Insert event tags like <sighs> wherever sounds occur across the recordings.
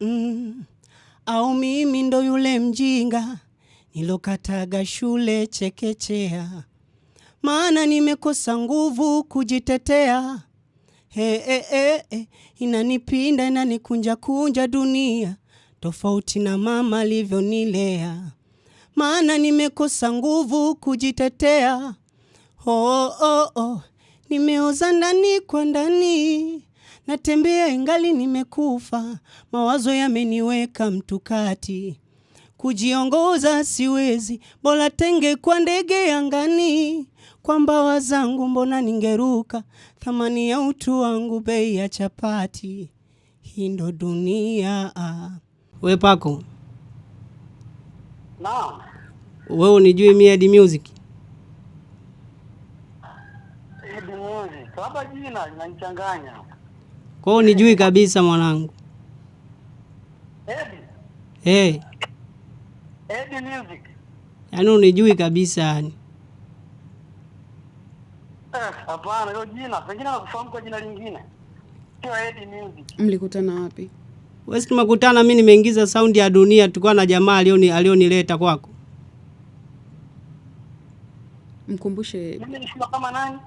mm. Au mimi ndo yule mjinga nilokataga shule chekechea, maana nimekosa nguvu kujitetea. He, he, he, Inanipinda inanikunja kunja dunia, tofauti na mama alivyonilea, maana nimekosa nguvu kujitetea. Oh, oh, oh. Nimeoza ndani kwa ndani natembea ingali nimekufa, mawazo yameniweka mtukati, kujiongoza siwezi, bora tenge kwa ndege yangani kwa mbawa zangu mbona ningeruka, thamani ya utu wangu bei ya chapati, hii ndo dunia. We Pako, naam, wewe unijui mie Eddy Music? Music, hapa jina linanichanganya kwa hiyo nijui kabisa mwanangu. Hey. Eddie eh. Music. Yaani unijui kabisa yani. Eh, hapana, hiyo jina, pengine nakufahamu kwa jina lingine. Sio Eddie Music. Mlikutana wapi? Wewe tumekutana mimi nimeingiza sound ya dunia tulikuwa na jamaa alioni alionileta kwako. Mkumbushe. Mimi nilikuwa kama nani?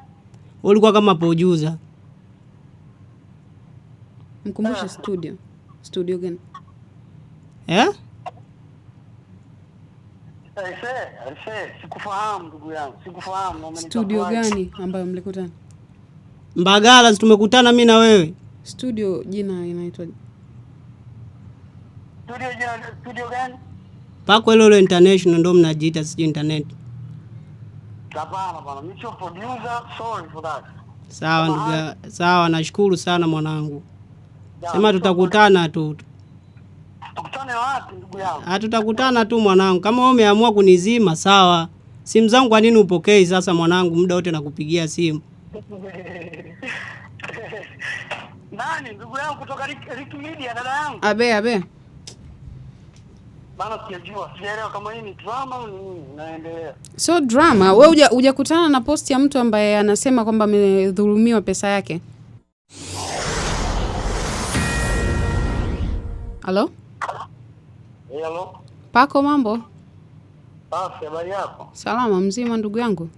Ulikuwa kama producer. Mkumbushe ah. studio. Studio gani? Eh? Sikufahamu ndugu yangu. Sikufahamu. Studio gani ambayo mlikutana? Mbagala tumekutana mimi na wewe. Studio jina inaitwa Studio jina studio gani? Pako hilo hilo International ndio mnajiita sijui internet. Hapana bwana, mimi producer, sorry for that. Sawa ndugu, sawa nashukuru sana mwanangu. Sema tutakutana tu. Tukutane wapi ndugu yangu? Ah, tutakutana tu mwanangu. Kama wewe umeamua kunizima sawa. Simu zangu kwa nini upokei sasa mwanangu? Muda wote nakupigia simu. <laughs> Nani ndugu yangu kutoka Rick Media dada yangu? Abe abe. Bana sijajua, sijaelewa kama hii ni drama au nini inaendelea. So drama, wewe hujakutana na posti ya mtu ambaye anasema kwamba amedhulumiwa pesa yake? Halo? Hey, halo. Pako mambo? Ah, Safi, habari yako? Salama, mzima ndugu yangu.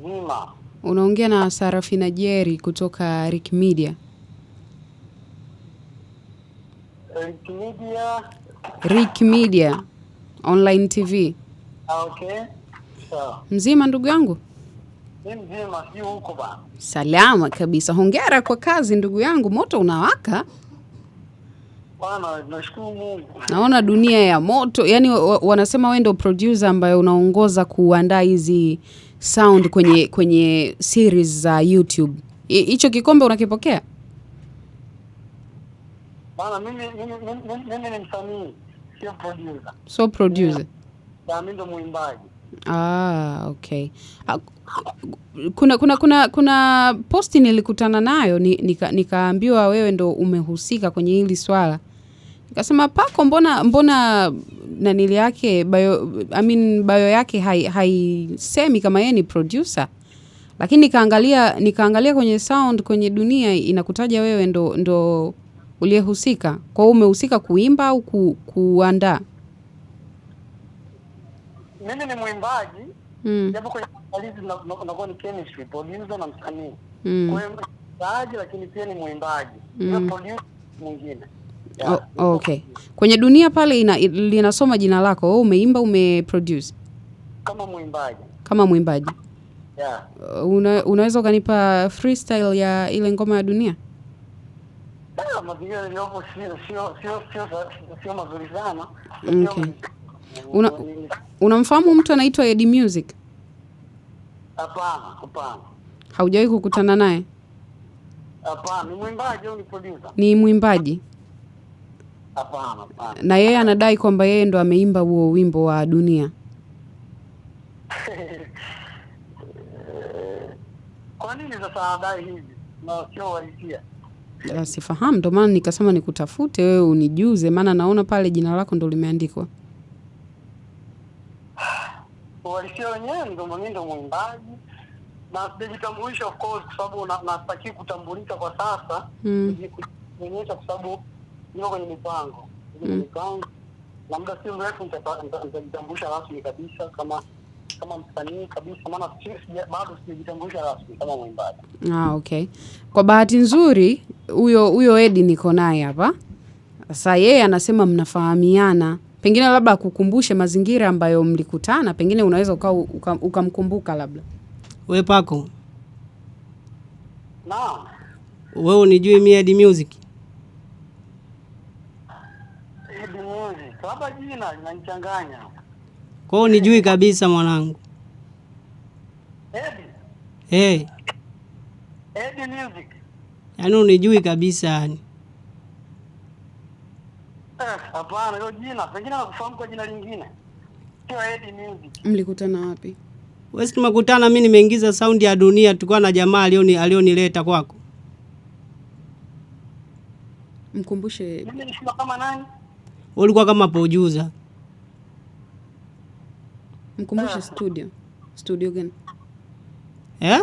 Mzima. Unaongea na Sarafina Jerry kutoka Rick Media. Rick Media. Rick Media online TV. Ah, okay. Sawa. Mzima ndugu yangu? Mzima, sio huko Salama kabisa. Hongera kwa kazi ndugu yangu, moto unawaka. Hapana, nashukuru Mungu. Naona dunia ya moto, yaani wanasema wewe ndio producer ambaye unaongoza kuandaa hizi sound kwenye kwenye series za YouTube. Hicho kikombe unakipokea? Bana, mimi mimi mimi ni msanii, sio producer. So producer. Na mimi ndo mwimbaji. Ah, okay. Ah, kuna kuna kuna kuna posti nilikutana nayo nikaambiwa nika, nikaambiwa wewe ndo umehusika kwenye hili swala Kasema pako mbona mbona nanili yake bayo, I mean, bayo yake haisemi hai kama yeye ni producer, lakini nikaangalia nikaangalia kwenye sound kwenye dunia inakutaja wewe ndo, ndo uliyehusika. Kwa hiyo umehusika kuimba au ku, kuandaa? Mimi ni mwimbaji mm. Japo kwenye maandalizi unakuwa ni chemistry producer na msanii mm. Kwa hiyo mwimbaji, lakini pia ni mwimbaji mm. Producer mwingine yeah. Oh, oh, okay. Kwenye dunia pale ina, linasoma jina lako wewe, umeimba umeproduce kama mwimbaji, kama mwimbaji yeah. Uh, una, unaweza ukanipa freestyle ya ile ngoma ya dunia? Sio mazuri Okay. Una, unamfahamu mtu anaitwa Eddie Music? Hapana, hapana. Haujawahi kukutana naye? Hapana, ni mwimbaji au ni producer? Ni mwimbaji. Hapana, hapana. Na yeye anadai kwamba yeye ndo ameimba huo wimbo wa dunia. <laughs> Kwa nini sasa anadai hivi? Na sio walipia. Sifahamu, ndo maana nikasema nikutafute wewe unijuze, maana naona pale jina lako ndo limeandikwa. Walipia <sighs> wenyewe ndo mimi ndo mwimbaji na sijitambulisha of course, kwa sababu nastaki kutambulika kwa sasa, kujionyesha hmm. kwa sababu niko kwenye mipango, niko mm. kwenye na muda si mrefu nitajitambulisha rasmi kabisa kama kama msanii kabisa, maana bado sijajitambulisha rasmi kama mwimbaji. Ah, okay. Kwa bahati nzuri huyo huyo Edi niko naye hapa sasa, yeye anasema mnafahamiana, pengine labda akukumbushe mazingira ambayo mlikutana, pengine unaweza ukamkumbuka uka, uka labda we pako na wewe unijui miadi Edi Music Labda jina linanichanganya. Kwa hiyo nijui kabisa mwanangu. Edi. Eh. Hey. Edi Music. Yaani unijui kabisa yani. Eh, Hapana, hiyo jina pengine nakufahamu kwa jina lingine. Sio Edi Music. Mlikutana wapi? Wewe tumekutana, mimi nimeingiza saundi ya dunia, tulikuwa na jamaa alioni alionileta kwako. Mkumbushe. Mimi nishuka kama nani? ulikuwa kama producer. Mkumbushe studio. Studio gani? Eh?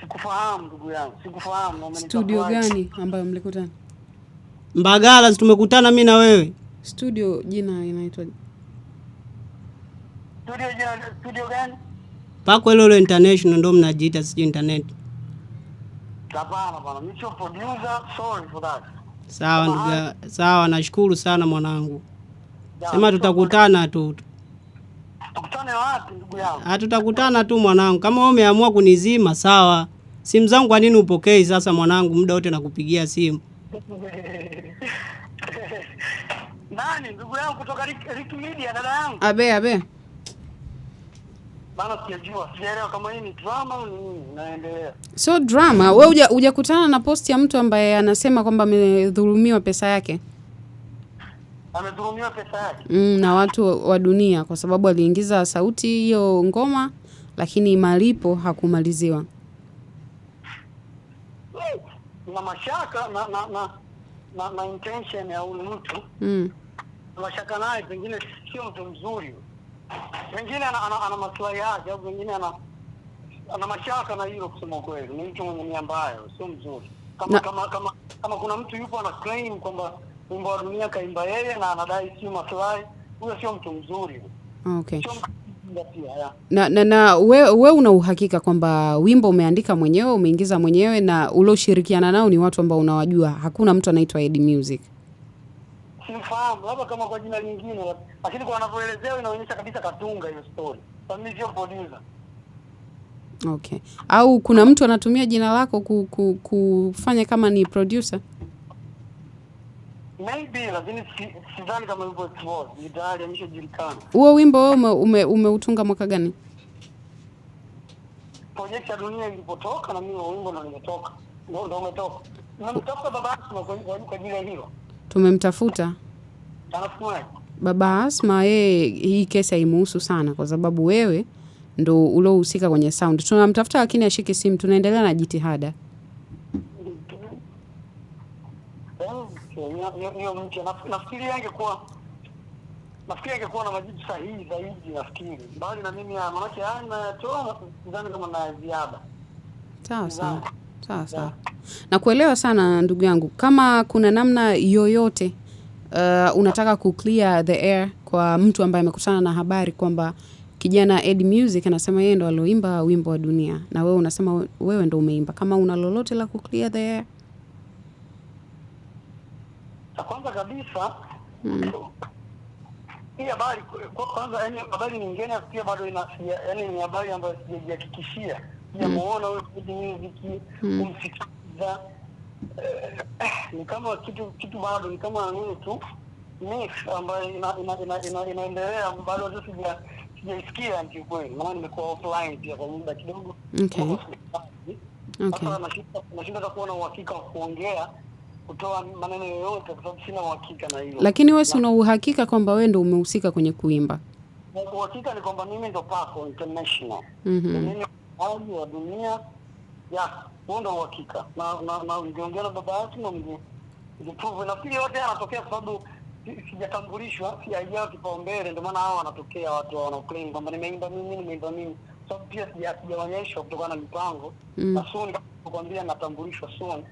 Sikufahamu Studio gani ambayo mlikutana? Mbagala, tumekutana mimi na wewe. Studio jina inaitwa studio, studio gani? Pako Lolo International ndo mnajiita, sijui internet Sawa ndugu, sawa, nashukuru sana mwanangu. Sema tutakutana tu. Tukutane wapi ndugu yangu? Ah, tutakutana tu mwanangu. Kama wewe umeamua kunizima sawa. Simu zangu kwa nini upokei sasa mwanangu? Muda wote nakupigia simu. <laughs> Nani ndugu yangu kutoka Rick Media dada yangu? Abe abe maana sijajua, sijaelewa kama hii ni drama au nini inaendelea. So drama, we hujakutana na post ya mtu ambaye anasema kwamba amedhulumiwa pesa yake? Amedhulumiwa pesa yake mm, na watu wa dunia kwa sababu aliingiza sauti hiyo ngoma, lakini malipo hakumaliziwa. Na mashaka na na na, na, na intention ya huyu mtu mm. Mashaka naye pengine sio mtu mzuri. Mwingine ana, ana, ana maslahi yake au mwingine ana ana mashaka na hilo. Kusema kweli, ni mtu mwenye nia mbaya, sio mzuri. Kama, kama kama kama kuna mtu yupo ana claim kwamba wimbo wa dunia kaimba yeye na anadai sio maslahi, huyo sio mtu mzuri. Okay. Sio na na, na we, we una uhakika kwamba wimbo umeandika mwenyewe umeingiza mwenyewe na ulioshirikiana nao ni watu ambao unawajua? Hakuna mtu anaitwa Eddy Music simfahamu, labda kama kwa jina lingine, lakini kwa wanavyoelezea inaonyesha kabisa katunga hiyo story. Kwa mimi sio producer. Okay. Au kuna mtu anatumia jina lako ku, ku, kufanya kama ni producer? Maybe, lakini sidhani kama hivyo tu. Ni tayari ameshajulikana. Huo wimbo wewe ume, umeutunga ume mwaka gani? Project dunia ilipotoka na mimi wimbo ndo nimetoka. Ndio ndo umetoka. Na mtoka baba yako kwa ajili ya hilo. Tumemtafuta baba Asma, yeye hii kesi haimuhusu sana, kwa sababu wewe ndo uliohusika kwenye sound. Tunamtafuta lakini ashiki simu, tunaendelea na jitihada. Nafikiri angekuwa na majibu sahihi zaidi, nafikiri na mimi, haya kama na ziada. Sawa sawa. Sawa sawa, na kuelewa sana ndugu yangu. Kama kuna namna yoyote uh, unataka ku clear the air kwa mtu ambaye amekutana na habari kwamba kijana Ed Music anasema yeye ndo alioimba wimbo wa Dunia na wewe unasema wewe ndo umeimba, kama una lolote la ku clear the air. Kwanza kabisa mm. Hii habari kwanza, yani habari nyingine nafikia bado ina, yani ni habari ambayo sijajihakikishia ya hmm. muona hivi mm. kumsikiza eh, ni kama kitu kitu bado ni kama nini tu mix ambayo inaendelea bado tu sija sijaisikia kiukweli, maana nimekuwa offline pia kwa muda kidogo. Okay. Okay. nashinda kuwa uhakika wa kuongea kutoa maneno yoyote kwa sababu sina uhakika na hilo. Lakini wewe si una uhakika kwamba wewe ndio umehusika kwenye kuimba? Uhakika ni kwamba mimi ndo Pako International. Mhm. Mm mimi wa dunia ya huo ndo uhakika, na na na baba yake na na Nafikiri wote anatokea kwa sababu sijatambulishwa, sijajaa kipaumbele, ndio maana hao wanatokea watu wanaoclaim kwamba nimeimba mimi, nimeimba mimi, sababu pia sijaonyeshwa kutokana na mipango mm. na soon kukwambia natambulishwa soon,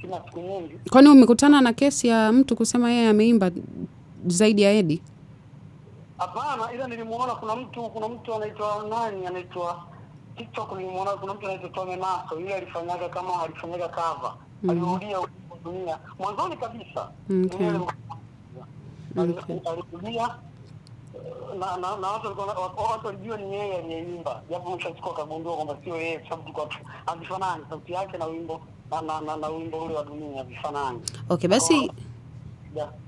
sina siku nyingi. Kwani umekutana na kesi ya mtu kusema yeye ameimba zaidi ya Edi? Hapana, ila nilimuona kuna mtu kuna mtu anaitwa nani, anaitwa TikTok nilimwona kuna mtu anaitwa Tome Maso, yule alifanyaga kama alifanyaga cover. Mm. Alirudia dunia. Mwanzoni kabisa. Okay. Alirudia eh, na na na watu walikuwa watu walijua ni yeye aliyeimba. Japo mwisho siku akagundua kwamba sio yeye kwa sababu tulikuwa havifanani sauti yake na wimbo na na na, na wimbo ule wa dunia havifanani. Okay, basi oh.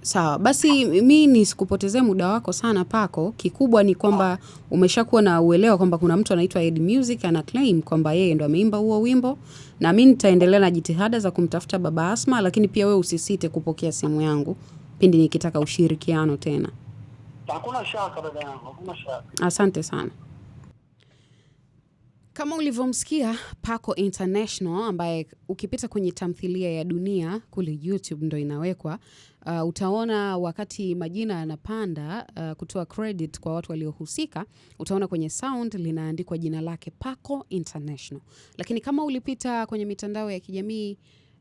Sawa, basi mi sikupotezee muda wako sana Pako. Kikubwa ni kwamba umeshakuwa na uelewa kwamba kuna mtu anaitwa Ed Music ana claim kwamba yeye ndo ameimba huo wimbo, na mi nitaendelea na jitihada za kumtafuta baba Asma, lakini pia we usisite kupokea simu yangu pindi nikitaka ushirikiano tena. Hakuna shaka dada yangu, hakuna shaka. Asante sana. Kama ulivyomsikia Paco International ambaye ukipita kwenye tamthilia ya Dunia kule YouTube ndo inawekwa uh, utaona wakati majina yanapanda uh, kutoa credit kwa watu waliohusika, utaona kwenye sound linaandikwa jina lake Paco International. Lakini kama ulipita kwenye mitandao ya kijamii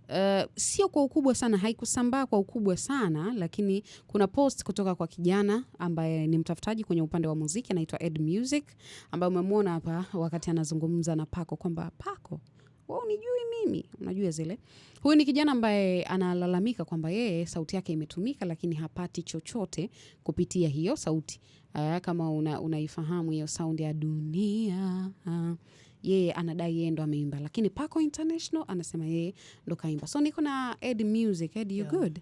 Uh, sio kwa ukubwa sana, haikusambaa kwa ukubwa sana, lakini kuna post kutoka kwa kijana ambaye ni mtafutaji kwenye upande wa muziki, anaitwa Ed Music, ambaye umemwona hapa wakati anazungumza na Paco kwamba Paco wewe unijui mimi, unajua zile. Huyu ni kijana ambaye analalamika kwamba yeye sauti yake imetumika, lakini hapati chochote kupitia hiyo sauti. uh, kama una, unaifahamu hiyo sound ya dunia uh, yeye anadai yeye ndo ameimba, lakini Paco International anasema yeye ndo kaimba. So niko na Ed Music. Ed, you yeah. Good?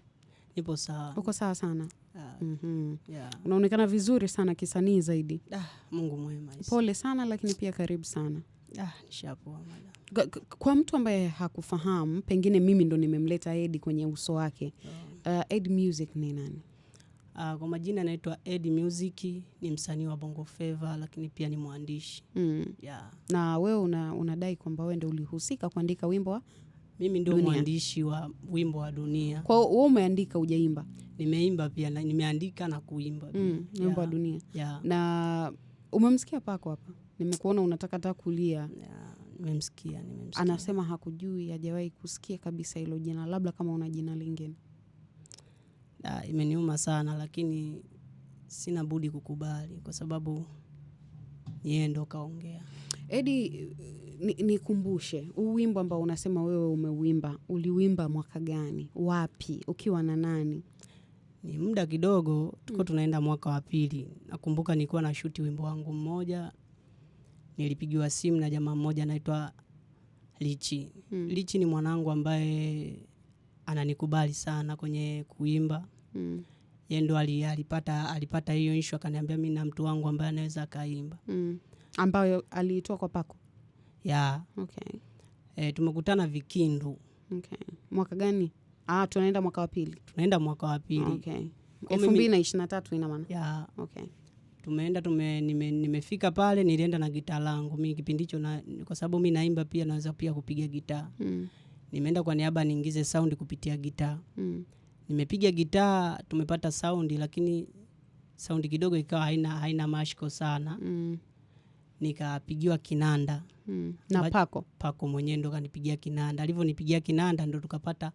Nipo sawa. Uko sawa sana? yeah. mm -hmm. yeah. Unaonekana vizuri sana kisanii zaidi. Ah, Mungu mwema. Pole sana lakini pia karibu sana. Ah, nishapoa mada. Kwa mtu ambaye hakufahamu, pengine mimi ndo nimemleta Edi kwenye uso wake. Ah. Uh, Ed Music ni nani? Uh, kwa majina anaitwa Ed Music, ni msanii wa Bongo feva lakini pia ni mwandishi. Mm. Yeah. Na wewe una, unadai kwamba wewe ndo ulihusika kuandika wimbo wa mimi ndio mwandishi wa wimbo wa dunia. Kwa hiyo wewe umeandika ujaimba Nimeimba pia na nimeandika na kuimba. Mm, wimbo yeah. wa dunia. Yeah. Na umemsikia pako hapa. Nimekuona unataka hata kulia. Yeah nimemsikia, nimemsikia. Anasema hakujui, hajawahi kusikia kabisa hilo jina, labda kama una jina lingine. imeniuma sana lakini sina budi kukubali kwa sababu yeye ndo kaongea. Edi, nikumbushe ni huu wimbo ambao unasema wewe umeuimba, uliwimba mwaka gani, wapi, ukiwa na nani? Ni muda kidogo, tuko mm. tunaenda mwaka wa pili. Nakumbuka nilikuwa na shuti wimbo wangu mmoja nilipigiwa simu na jamaa mmoja anaitwa Lichi. Mm. Lichi ni mwanangu ambaye ananikubali sana kwenye kuimba. Mm. Yeye ndo alipata alipata hiyo issue akaniambia mimi na mtu wangu ambaye anaweza akaimba. Mm. Ambayo aliitoa kwa pako. Yeah. Okay. E, tumekutana Vikindu. Okay. Mwaka gani? Ah, tunaenda mwaka wa pili. Tunaenda mwaka wa pili. Okay. 2023 ina maana. Yeah. Okay tumeenda tume, nime, nimefika pale nilienda na gitaa langu mi kipindi hicho, kwa sababu mi naimba pia, naweza pia kupiga gitaa mm. Nimeenda kwa niaba niingize sound kupitia gitaa mm. Nimepiga gitaa tumepata sound, lakini sound kidogo ikawa haina, haina mashiko sana mm. Nikapigiwa kinanda mm. na pako pako mwenyewe ndo kanipigia kinanda, nipigia kinanda ndo tukapata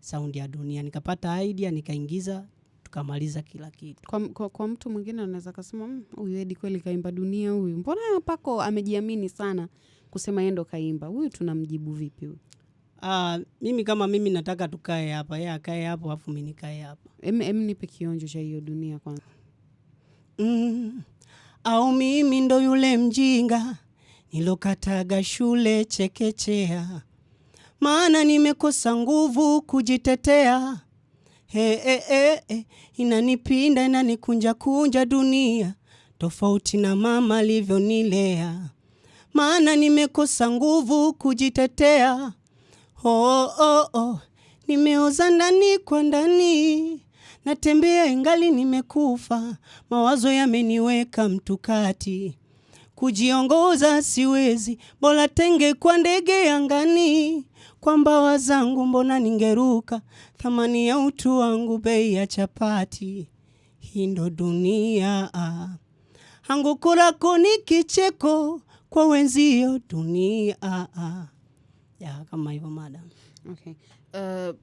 saundi ya dunia, nikapata idea nikaingiza tukamaliza kila kitu. Kwa, kwa, kwa mtu mwingine anaweza kasema mm, huyu Edi kweli kaimba dunia huyu, mbona Pako amejiamini sana kusema yendo kaimba huyu, tunamjibu vipi huyu? Uh, mimi kama mimi nataka tukae hapa, yeye akae hapo afu mimi nikae hapa. Em, em nipe kionjo cha hiyo dunia kwanza. Mm, au mimi ndo yule mjinga nilokataga shule chekechea, maana nimekosa nguvu kujitetea He, he, he, he. Inanipinda, inanikunja kunja dunia, tofauti na mama alivyonilea, maana nimekosa nguvu kujitetea. Oh, oh, oh. Nimeoza ndani kwa ndani, natembea ingali nimekufa, mawazo yameniweka mtukati, kujiongoza siwezi, bora tenge kwa ndege angani kwa mbawa zangu mbona ningeruka, thamani ya utu wangu bei ya chapati. Hii ndo dunia hangu kurako ni kicheko kwa wenzio dunia ya kama hivyo madam. Okay. Uh,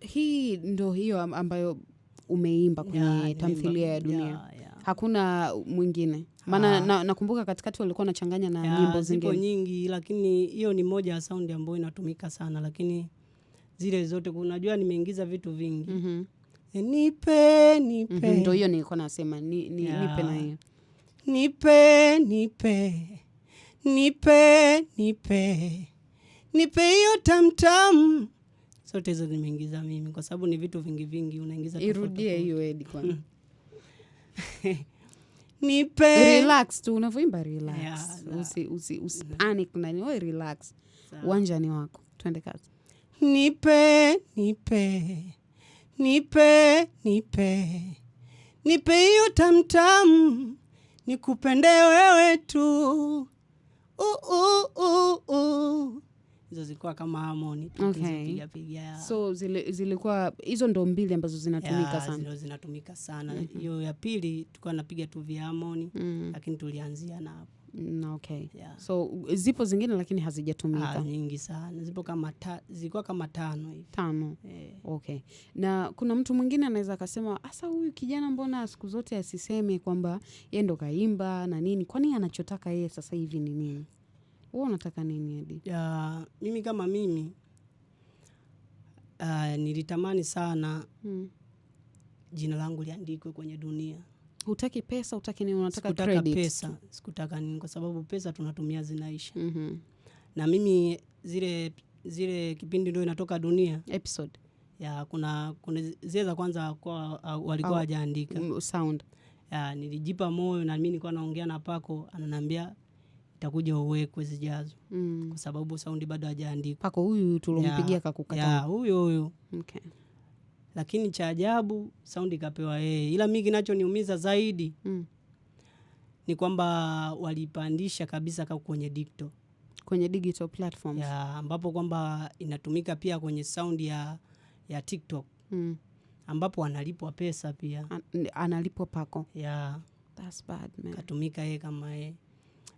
hii ndo hiyo ambayo umeimba kwenye tamthilia ya dunia ya, hakuna mwingine maana ah. na, nakumbuka katikati walikuwa wanachanganya na nyimbo zingine nyingi, lakini hiyo ni moja ya saundi ambayo inatumika sana, lakini zile zote unajua, nimeingiza vitu vingi mm-hmm. nipe nipe mhm, Ndo hiyo nilikuwa nasema ni, ni, Nipe na hiyo nipe nipe nipe nipe nipe hiyo tamtamu zote hizo zimeingiza mimi, kwa sababu ni vitu vingi vingi, unaingiza irudie hiyo edi kwanza mm. <laughs> nipe relax tu unavyoimba relax yeah, usi, usi, mm-hmm. usi panic na wewe relax uwanjani wako twende kazi nipe nipe nipe nipe nipe hiyo tamtam nikupende wewe tu uh, uh, uh hizo zilikuwa kama harmony tukizipiga okay. piga so zile, zilikuwa hizo ndo mbili ambazo zinatumika yeah, sana zinatumika sana mm-hmm. hiyo mm -hmm. ya pili tulikuwa napiga tu vya harmony mm -hmm. lakini tulianzia na hapo mm, okay yeah. so zipo zingine lakini hazijatumika ah, nyingi sana zipo kama ta, zilikuwa kama tano hivi tano yeah. okay na kuna mtu mwingine anaweza akasema hasa huyu kijana mbona siku zote asiseme kwamba yeye ndo kaimba na nini kwani anachotaka yeye sasa hivi ni nini wewe unataka nini Edi? Uh, mimi kama mimi uh, nilitamani sana hmm. jina langu liandikwe kwenye dunia. Hutaki pesa, hutaki nini, unataka credit. Pesa sikutaka nini, kwa sababu pesa tunatumia zinaisha. mm -hmm. na mimi zile zile kipindi ndio inatoka dunia episode ya kuna kuna zile za kwanza kwa uh, walikuwa wajaandika mm, sound ya, nilijipa moyo na mimi nilikuwa naongea na Pako ananiambia itakuja uwekwe zijazo mm. kwa sababu saundi bado hajaandikwa pako huyu tulompigia kakukataa huyu huyu okay. lakini cha ajabu saundi kapewa yeye ila mi kinachoniumiza zaidi mm. ni kwamba walipandisha kabisa ka kwenye dikto kwenye digital platforms ya ambapo kwamba inatumika pia kwenye saundi ya, ya tiktok mm. ambapo analipwa pesa pia An, analipwa pako ya That's bad, man. katumika yeye kama yeye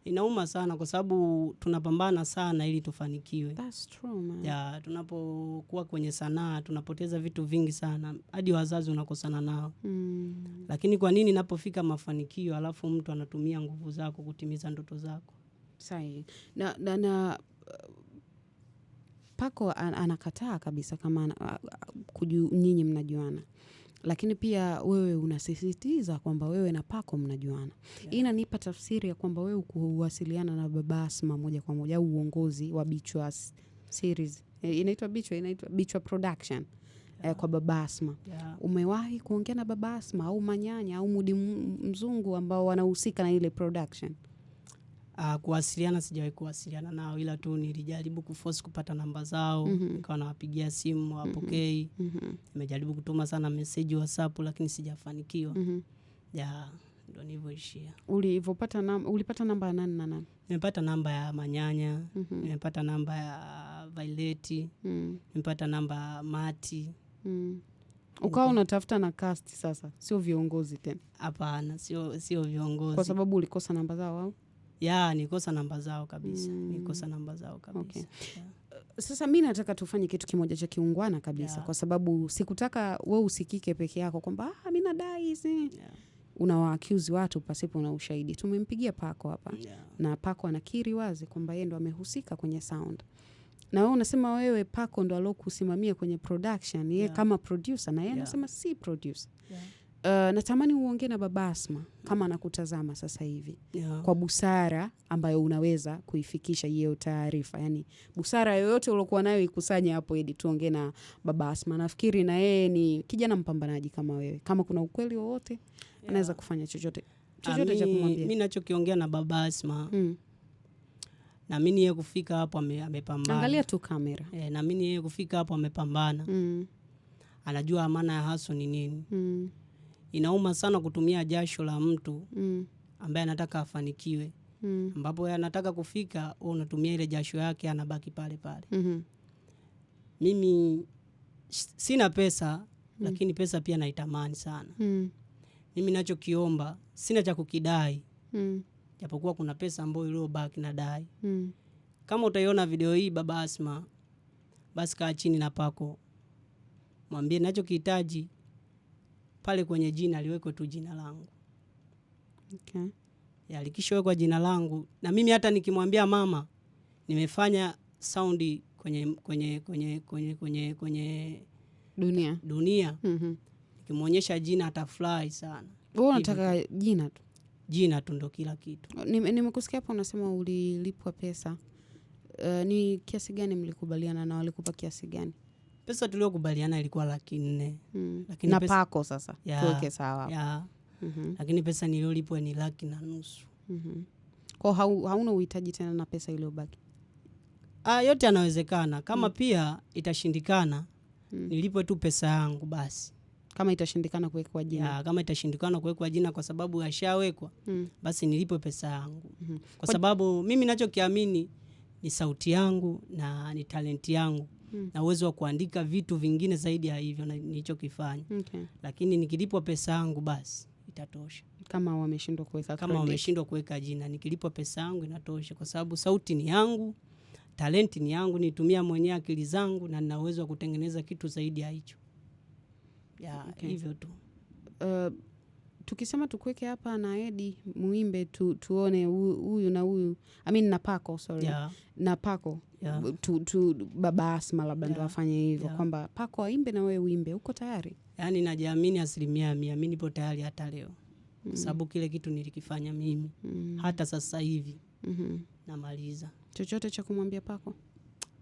inauma sana kwa sababu tunapambana sana ili tufanikiwe. That's true, man. tunapokuwa kwenye sanaa tunapoteza vitu vingi sana hadi wazazi unakosana nao mm. Lakini kwa nini napofika mafanikio alafu mtu anatumia nguvu zako kutimiza ndoto zako? Sahi. Na, na, na Pako anakataa kabisa kama nyinyi mnajuana lakini pia wewe unasisitiza kwamba wewe na pako mnajuana. Yeah. Inanipa tafsiri ya kwamba wewe kuwasiliana na Baba Asma moja kwa moja au uongozi wa Bichwa series e, inaitwa Bichwa, inaitwa Bichwa production e, yeah. kwa Baba Asma yeah. Umewahi kuongea na Baba Asma au Manyanya au Mudi Mzungu ambao wanahusika na ile production? Uh, kuwasiliana sijawahi kuwasiliana nao, ila tu nilijaribu kuforce kupata namba zao mm -hmm. Nikawa nawapigia simu mhm. hawapokei. mm -hmm. Nimejaribu kutuma sana meseji WhatsApp lakini sijafanikiwa. mm -hmm. ya ndo nilivyoishia. Ulipata ulipata namba ya nani na nani? Nimepata namba ya Manyanya. mm -hmm. Nimepata namba ya Vaileti. mm -hmm. Nimepata namba ya Mati. mm -hmm. Ukawa unatafuta na kasti sasa, sio viongozi tena? Hapana, sio sio viongozi. Kwa sababu ulikosa namba zao au ya nikosa namba zao kabisa mm. nikosa namba zao kabisa okay. yeah. Sasa mi nataka tufanye kitu kimoja cha kiungwana kabisa yeah. kwa sababu sikutaka we usikike peke yako kwamba ah, mi nadai hizi yeah. unawaakuzi watu pasipo na ushahidi. Tumempigia Pako hapa yeah. na Pako anakiri wazi kwamba yeye ndo amehusika kwenye sound na wewe unasema wewe Pako ndo alokusimamia kwenye production yeye yeah. kama producer na yeye anasema si producer yeah Uh, natamani uongee na baba Asma kama anakutazama sasa hivi yeah. Kwa busara ambayo unaweza kuifikisha hiyo taarifa, yani busara yoyote uliokuwa nayo ikusanye hapo, edi tuongee na baba Asma. Nafikiri na yeye ni kijana mpambanaji kama wewe, kama kuna ukweli wowote yeah. Anaweza kufanya chochote ah, chochote cha kumwambia. Mimi nachokiongea na baba Asma mm. Naamini yeye kufika hapo amepambana. Angalia tu kamera e, eh, naamini yeye kufika hapo amepambana mm. Anajua amana ya Haso ni nini mm inauma sana kutumia jasho la mtu mm. ambaye anataka afanikiwe mm. ambapo anataka kufika, unatumia ile jasho yake, anabaki pale pale mm -hmm. Mimi sina pesa mm. lakini pesa pia naitamani sana mm. Mimi nachokiomba, sina cha kukidai mm. japokuwa kuna pesa ambayo iliyobaki nadai mm. Kama utaiona video hii Baba Asma, basi kaa chini na pako mwambie nachokihitaji pale kwenye jina liwekwe tu jina langu. Okay. Ya likishowekwa jina langu na mimi hata nikimwambia mama nimefanya saundi kwenye kwenye kwenye kwenye kwenye kwenye dunia dunia, mm-hmm. Nikimwonyesha jina atafurahi sana. Wewe unataka jina tu, jina tu ndo kila kitu. Nimekusikia ni hapo unasema ulilipwa pesa. Uh, ni kiasi gani mlikubaliana na walikupa kiasi gani? pesa tuliokubaliana ilikuwa laki nne mm. lakini pesa... pako sasa yeah. tuweke sawa yeah. mm -hmm. lakini pesa niliolipwa ni laki na nusu mm -hmm. kwao hau, hauna uhitaji tena na pesa iliyobaki ah, yote anawezekana kama mm. pia itashindikana mm. nilipwe tu pesa yangu basi kama itashindikana kuwekwa jina ya, kama itashindikana kuwekwa jina kwa sababu ashawekwa mm. basi nilipwe pesa yangu mm -hmm. kwa sababu mimi nachokiamini ni sauti yangu na ni talenti yangu mm. na uwezo wa kuandika vitu vingine zaidi ya hivyo nilichokifanya. Okay. Lakini nikilipwa pesa yangu basi itatosha. Kama wameshindwa kuweka kama wameshindwa kuweka jina, nikilipwa pesa yangu inatosha, kwa sababu sauti ni yangu, talenti ni yangu, nitumia mwenyewe akili zangu na nina uwezo wa kutengeneza kitu zaidi ya hicho ya okay. hivyo tu. Uh, tukisema tukuweke hapa na Edi muimbe tu, tuone huyu na huyu I mean, na Pako sorry yeah. na Pako yeah. tu, tu, baba Asma labda yeah. ndo afanye hivyo yeah. kwamba Pako aimbe na wewe uimbe, uko tayari? yani najiamini asilimia mia, mi nipo tayari hata leo mm. sababu kile kitu nilikifanya mimi mm. hata sasa hivi mm -hmm. namaliza. Chochote cha kumwambia Pako?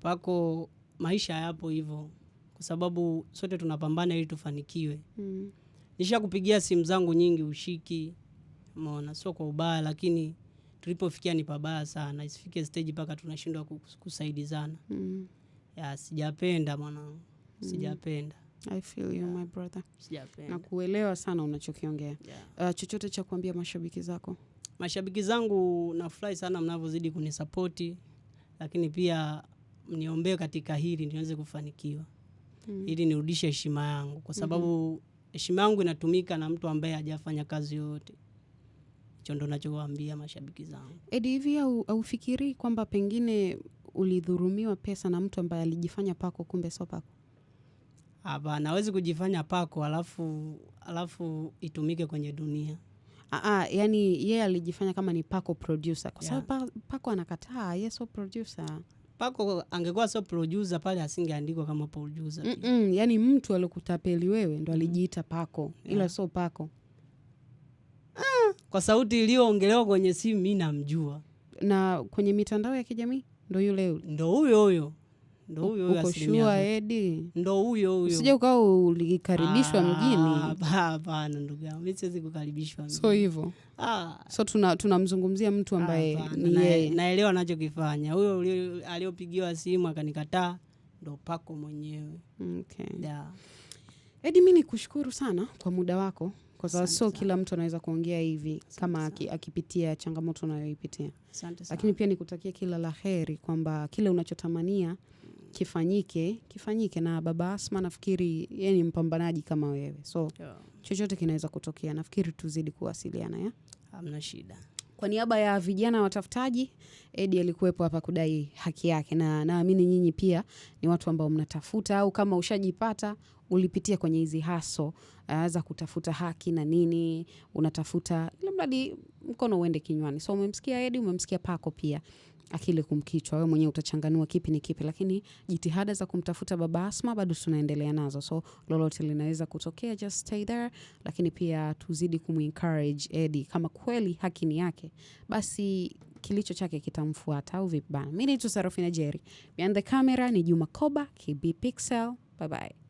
Pako, maisha yapo hivyo, kwa sababu sote tunapambana ili tufanikiwe mm. Nishakupigia simu zangu nyingi ushiki. Umeona, sio kwa ubaya lakini tulipofikia ni pabaya sana. Isifike stage mpaka tunashindwa kusaidizana. Mm. Ya sijapenda mwanangu. Mm. Sijapenda. I feel you my brother. Sijapenda. kuelewa sana unachokiongea. Yeah. Uh, chochote cha kuambia mashabiki zako? Mashabiki zangu nafurahi sana mnavyozidi kunisapoti, lakini pia mniombee katika hili niweze kufanikiwa. Mm. Ili nirudishe heshima yangu kwa sababu mm-hmm heshima yangu inatumika na mtu ambaye hajafanya kazi yoyote. Hicho ndo nachowambia mashabiki zangu. Edi, hivi haufikiri kwamba pengine ulidhurumiwa pesa na mtu ambaye alijifanya pako kumbe so pako? Hapana, awezi kujifanya pako alafu alafu itumike kwenye dunia. Aa, ah, ah, yani yeye alijifanya kama ni pako producer kwa sababu yeah. Pako anakataa, yeso producer. Pako angekuwa sio producer pale asingeandikwa kama producer. Mm -mm, yani mtu alikutapeli wewe ndo alijiita Pako yeah. Ila sio Pako ah. Kwa sauti iliyoongelewa kwenye simu mi namjua, na kwenye mitandao ya kijamii ndo yule yule, ndo huyo huyo ndo huyo huyo Edi, ndo huyo huyo. Usije ukawa ulikaribishwa ah, mjini. Hapana ndugu yangu, mimi siwezi kukaribishwa mjini. So hivyo ah so tuna tunamzungumzia mtu ambaye ni yeye, naelewa anachokifanya huyo aliyopigiwa simu akanikataa, ndo pako mwenyewe okay. da. Edi, mimi nikushukuru sana kwa muda wako kwa sababu sio kila mtu anaweza kuongea hivi Sante kama aki, akipitia changamoto unayoipitia, lakini pia nikutakia kila la heri kwamba kile unachotamania kifanyike kifanyike na baba Asma nafikiri ye ni mpambanaji kama wewe so yeah. chochote kinaweza kutokea nafikiri tuzidi kuwasiliana ya hamna shida kwa niaba ya vijana watafutaji Edi alikuwepo hapa kudai haki yake na naamini nyinyi pia ni watu ambao mnatafuta au kama ushajipata ulipitia kwenye hizi haso uh, za kutafuta haki na nini unatafuta ili mradi mkono uende kinywani so umemsikia Edi umemsikia Pako pia akili kumkichwa, wewe mwenyewe utachanganua kipi ni kipi, lakini jitihada za kumtafuta baba Asma bado tunaendelea nazo, so lolote linaweza kutokea, just stay there. Lakini pia tuzidi kumencourage Eddie, kama kweli haki ni yake, basi kilicho chake kitamfuata au vipi bana? Mimi ni Sarafina Jerry, behind the camera ni Juma Koba, KB Pixel. Bye bye.